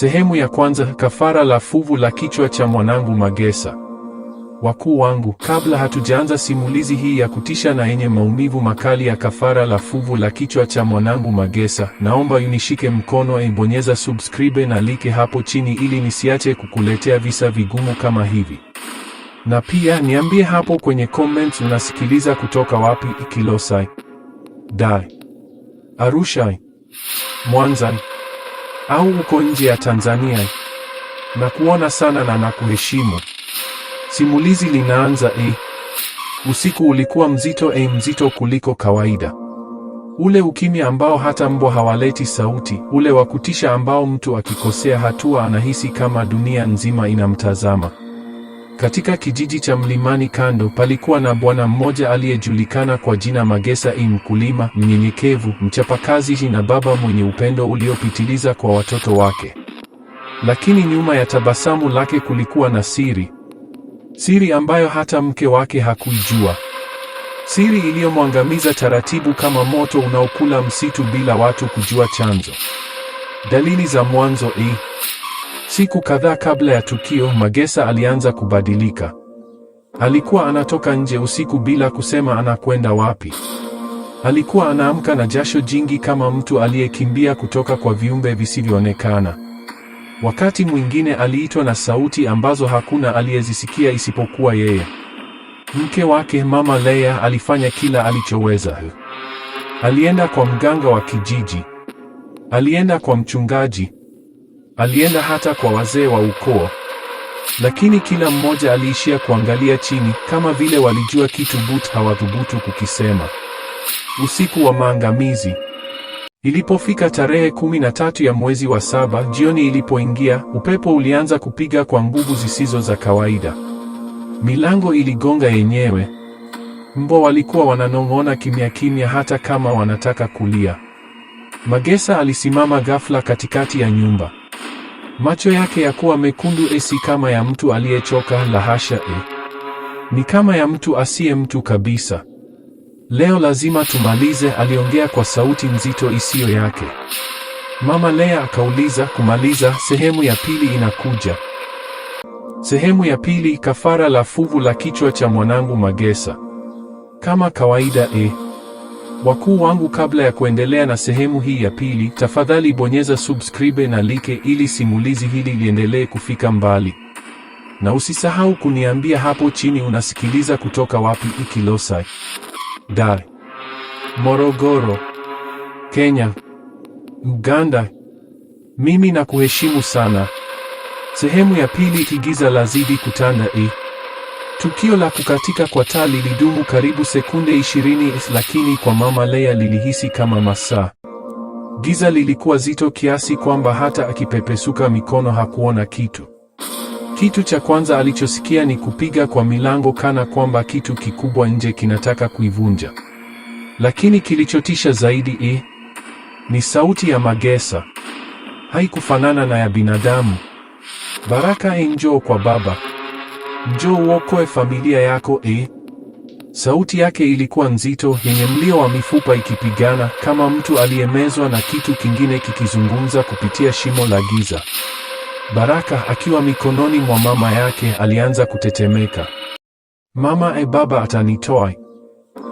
Sehemu ya kwanza: kafara la fuvu la kichwa cha mwanangu Magesa. Wakuu wangu, kabla hatujaanza simulizi hii ya kutisha na yenye maumivu makali ya kafara la fuvu la kichwa cha mwanangu Magesa, naomba unishike mkono, ibonyeza e subscribe na like hapo chini, ili nisiache kukuletea visa vigumu kama hivi, na pia niambie hapo kwenye comments unasikiliza kutoka wapi, Ikilosai, Dai, Arusha, Mwanza au uko nje ya Tanzania, nakuona sana na nakuheshimu. Simulizi linaanza eh. Usiku ulikuwa mzito eh, mzito kuliko kawaida. Ule ukimya ambao hata mbwa hawaleti sauti, ule wa kutisha ambao mtu akikosea hatua anahisi kama dunia nzima inamtazama. Katika kijiji cha mlimani kando, palikuwa na bwana mmoja aliyejulikana kwa jina Magesa. I mkulima mnyenyekevu, mchapakazi na baba mwenye upendo uliopitiliza kwa watoto wake, lakini nyuma ya tabasamu lake kulikuwa na siri, siri ambayo hata mke wake hakuijua, siri iliyomwangamiza taratibu kama moto unaokula msitu bila watu kujua chanzo. Dalili za mwanzo i Siku kadhaa kabla ya tukio, Magesa alianza kubadilika. Alikuwa anatoka nje usiku bila kusema anakwenda wapi. Alikuwa anaamka na jasho jingi kama mtu aliyekimbia kutoka kwa viumbe visivyoonekana. Wakati mwingine aliitwa na sauti ambazo hakuna aliyezisikia isipokuwa yeye. Mke wake Mama Leia alifanya kila alichoweza. Alienda kwa mganga wa kijiji. Alienda kwa mchungaji. Alienda hata kwa wazee wa ukoo, lakini kila mmoja aliishia kuangalia chini, kama vile walijua kitu but hawathubutu kukisema. Usiku wa maangamizi Ilipofika tarehe kumi na tatu ya mwezi wa saba, jioni ilipoingia, upepo ulianza kupiga kwa nguvu zisizo za kawaida. Milango iligonga yenyewe. Mbwa walikuwa wananong'ona kimya kimya, hata kama wanataka kulia. Magesa alisimama ghafla katikati ya nyumba. Macho yake yakuwa mekundu, esi kama ya mtu aliyechoka, la hasha, e, ni kama ya mtu asiye mtu kabisa. Leo lazima tumalize, aliongea kwa sauti nzito isiyo yake. Mama Lea akauliza, kumaliza? Sehemu ya pili inakuja. Sehemu ya pili, kafara la fuvu la kichwa cha mwanangu Magesa, kama kawaida e. Wakuu wangu, kabla ya kuendelea na sehemu hii ya pili, tafadhali bonyeza subscribe na like ili simulizi hili liendelee kufika mbali, na usisahau kuniambia hapo chini unasikiliza kutoka wapi. Ikilosai, Dar, Morogoro, Kenya, Uganda. Mimi na kuheshimu sana. Sehemu ya pili, kigiza lazidi kutanda i Tukio la kukatika kwa taa lilidumu karibu sekunde ishirini, lakini kwa Mama Leia lilihisi kama masaa. Giza lilikuwa zito kiasi kwamba hata akipepesuka mikono hakuona kitu. Kitu cha kwanza alichosikia ni kupiga kwa milango kana kwamba kitu kikubwa nje kinataka kuivunja. Lakini kilichotisha zaidi e, ni sauti ya Magesa. Haikufanana na ya binadamu. Baraka, njoo kwa baba. Njoo uokoe familia yako eh? Sauti yake ilikuwa nzito, yenye mlio wa mifupa ikipigana, kama mtu aliyemezwa na kitu kingine kikizungumza kupitia shimo la giza. Baraka akiwa mikononi mwa mama yake alianza kutetemeka. Mama, e, baba atanitoa?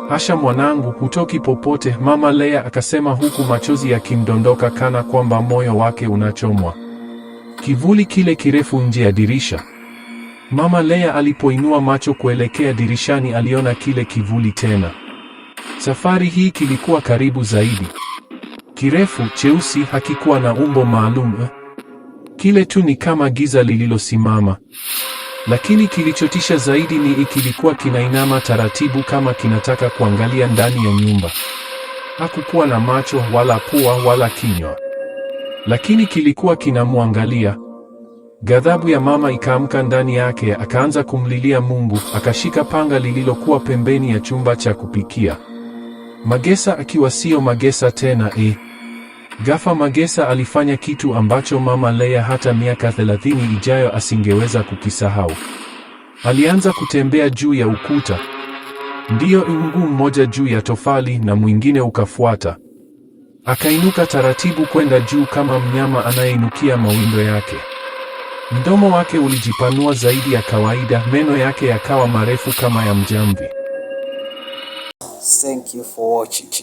Hasha mwanangu, hutoki popote, mama Leya akasema, huku machozi yakimdondoka kana kwamba moyo wake unachomwa. Kivuli kile kirefu nje ya dirisha Mama Leia alipoinua macho kuelekea dirishani aliona kile kivuli tena. Safari hii kilikuwa karibu zaidi. Kirefu, cheusi, hakikuwa na umbo maalum. Eh. Kile tu ni kama giza lililosimama. Lakini kilichotisha zaidi ni ikilikuwa kinainama taratibu kama kinataka kuangalia ndani ya nyumba. Hakukuwa na macho wala pua wala kinywa. Lakini kilikuwa kinamwangalia. Ghadhabu ya mama ikaamka ndani yake, akaanza kumlilia Mungu. Akashika panga lililokuwa pembeni ya chumba cha kupikia, Magesa akiwa siyo Magesa tena e eh. gafa Magesa alifanya kitu ambacho mama Leya hata miaka 30 ijayo asingeweza kukisahau. Alianza kutembea juu ya ukuta, ndiyo mguu mmoja juu ya tofali na mwingine ukafuata. Akainuka taratibu kwenda juu kama mnyama anayeinukia mawindo yake. Mdomo wake ulijipanua zaidi ya kawaida, meno yake yakawa marefu kama ya mjamvi. Thank you for watching.